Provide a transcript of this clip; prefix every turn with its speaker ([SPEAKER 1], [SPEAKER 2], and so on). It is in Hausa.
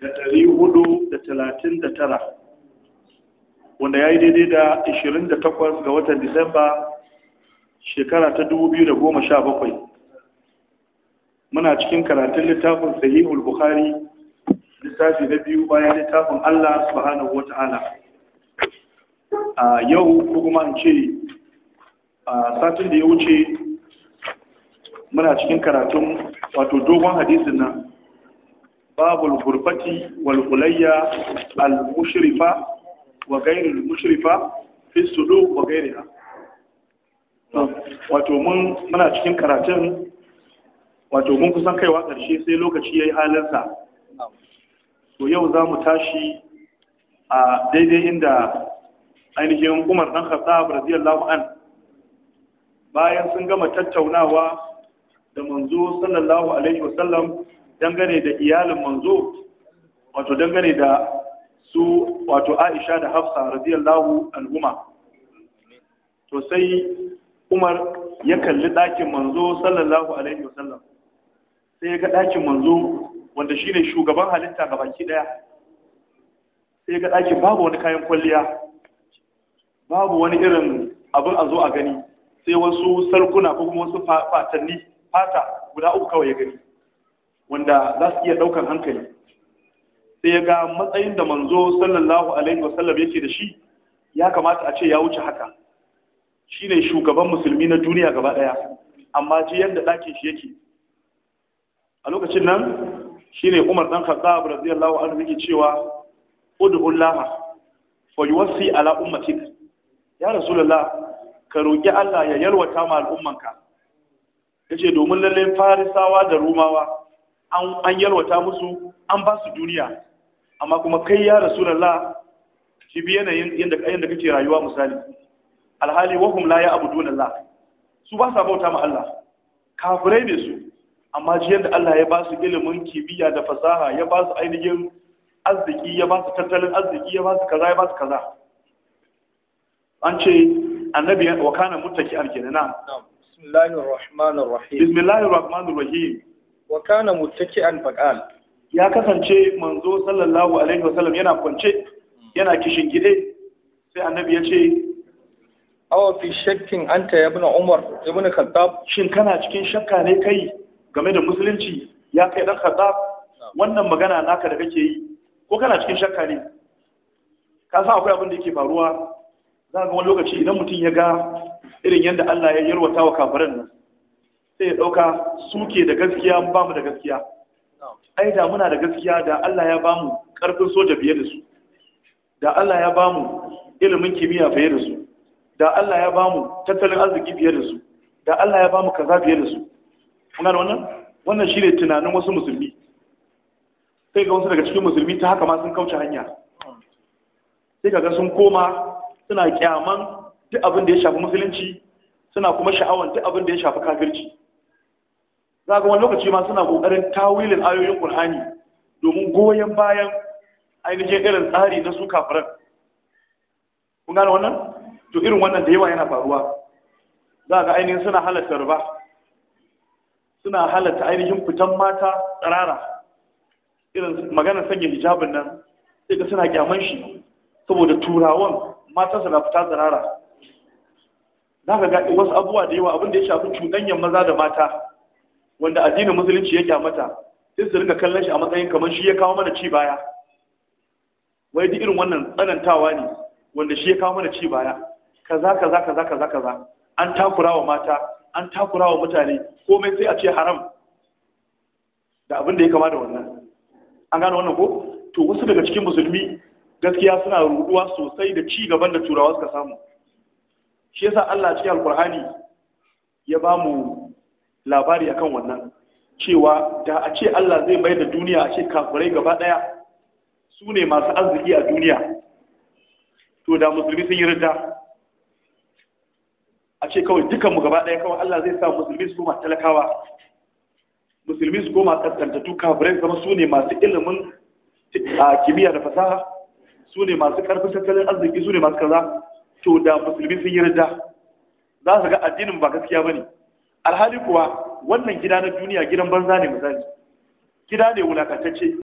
[SPEAKER 1] da ɗari hudu da talatin da tara wanda ya yi daidai da ishirin da takwas ga watan disamba shekara ta dubu biyu da goma sha bakwai muna cikin karatun littafin sahihul bukhari littafi na biyu bayan littafin allah subhanahu wa ta'ala a yau ko kuma in ce a satin da ya wuce muna cikin karatun wato dogon hadisin nan باب الغرفة والغلية المشرفة وغير المشرفة في السلوك وغيرها wato muna cikin karatun كسان كي kusan kaiwa ƙarshe sai lokaci ya yi halinsa to yau za mu tashi a daidai inda ainihin umar ɗan bayan sun gama tattaunawa da manzo sallallahu alaihi wasallam dangane da iyalin manzo wato dangane da su wato Aisha da Hafsa radiyallahu anhuma to sai Umar ya kalli ɗakin manzo sallallahu alaihi wasallam sai ya ga ɗakin manzo wanda shine shugaban halitta ga baki ɗaya sai ya ga ɗakin babu wani kayan kwalliya babu wani irin abin a zo a gani sai wasu sarkuna ko kuma wasu fatanni fata guda uku kawai ya gani wanda za su iya ɗaukar hankali sai ya ga matsayin da manzo sallallahu alaihi wasallam yake da shi ya kamata a ce ya wuce haka shine shugaban musulmi na duniya gaba ɗaya amma ji yadda ɗakin shi yake a lokacin nan shine Umar dan Khattab radiyallahu anhu yake cewa ud'ullaha fa yuwassi ala ummatik ya rasulullah ka roki Allah ya yalwata ma al'ummanka yace domin lallai farisawa da rumawa an yalwata musu an ba su duniya amma kuma kai ya rasulullah shi bi yanayin yadda yadda kake rayuwa misali alhali wahum la ya ya'buduna Allah su ba sa bauta ma Allah kafirai ne su amma ji yadda Allah ya ba su ilimin kimiyya da fasaha ya ba su ainihin arziki ya ba su tattalin arziki ya ba su kaza ya ba su kaza an ce annabi wa kana muttaki an kenan bismillahir rahmanir rahim bismillahir rahmanir rahim wa kana an faqal ya kasance manzo sallallahu alaihi wasallam yana kwance yana kishin gide sai annabi ya ce awa fi shakkin anta ya bina umar ya bina khattab shin kana cikin shakka ne kai game da musulunci ya kai dan khattab wannan magana naka da kake yi ko kana cikin shakka ne ka san akwai abin da yake faruwa za ga wani lokaci idan mutum ya ga irin yadda Allah ya yarwata wa kafirin nan sai ya ɗauka suke da gaskiya mu ba mu da gaskiya ai da muna da gaskiya da Allah ya ba mu ƙarfin soja fiye da su da Allah ya ba mu ilimin kimiyya fiye da su da Allah ya ba mu tattalin arziki fiye da su da Allah ya ba mu kaza fiye da su kuna da wannan wannan shine tunanin wasu musulmi sai ga wasu daga cikin musulmi ta haka ma sun kauce hanya sai kaga sun koma suna kyaman duk abin da ya shafi musulunci suna kuma sha'awan duk abin da ya shafi kafirci za ga wani lokaci ma suna kokarin tawilin ayoyin qur'ani domin goyon bayan ainihin irin tsari na su kafiran kun gane wannan to irin wannan da yawa yana faruwa za ga ainihin suna halatta ruba suna halatta ainihin fitan mata tsirara irin magana sanya hijabin nan sai ga suna kyaman shi saboda turawan matansa na fita tsirara za ka ga wasu abubuwa da yawa abin da ya shafi cuɗanyen maza da mata wanda addinin musulunci a mata, sai su rinka kallon shi a matsayin kamar shi ya kawo mana ci baya wai duk irin wannan tsanantawa ne wanda shi ya kawo mana ci baya kaza kaza kaza kaza kaza an takurawa mata an takurawa mutane komai sai a ce haram da abin da ya kama da wannan an gane wannan ko to wasu daga cikin musulmi gaskiya suna ruduwa sosai da ci gaban da turawa suka samu shi yasa Allah cikin alkur'ani ya ba mu labari akan wannan cewa da a ce Allah zai mai da duniya a ce kafirai gaba ɗaya su ne masu arziki a duniya to da musulmi sun yi rida a ce kawai dukanmu gaba ɗaya kawai Allah zai sa musulmi su koma talakawa musulmi su koma kaskantattu kafirai zama su ne masu ilimin kimiyya da fasaha su ne masu karfin tattalin arziki su ne masu kaza to da musulmi sun yi rida za su ga addinin ba gaskiya ba ne alhali kuwa wannan gida na duniya gidan banza ne misali gida ne wulakatacce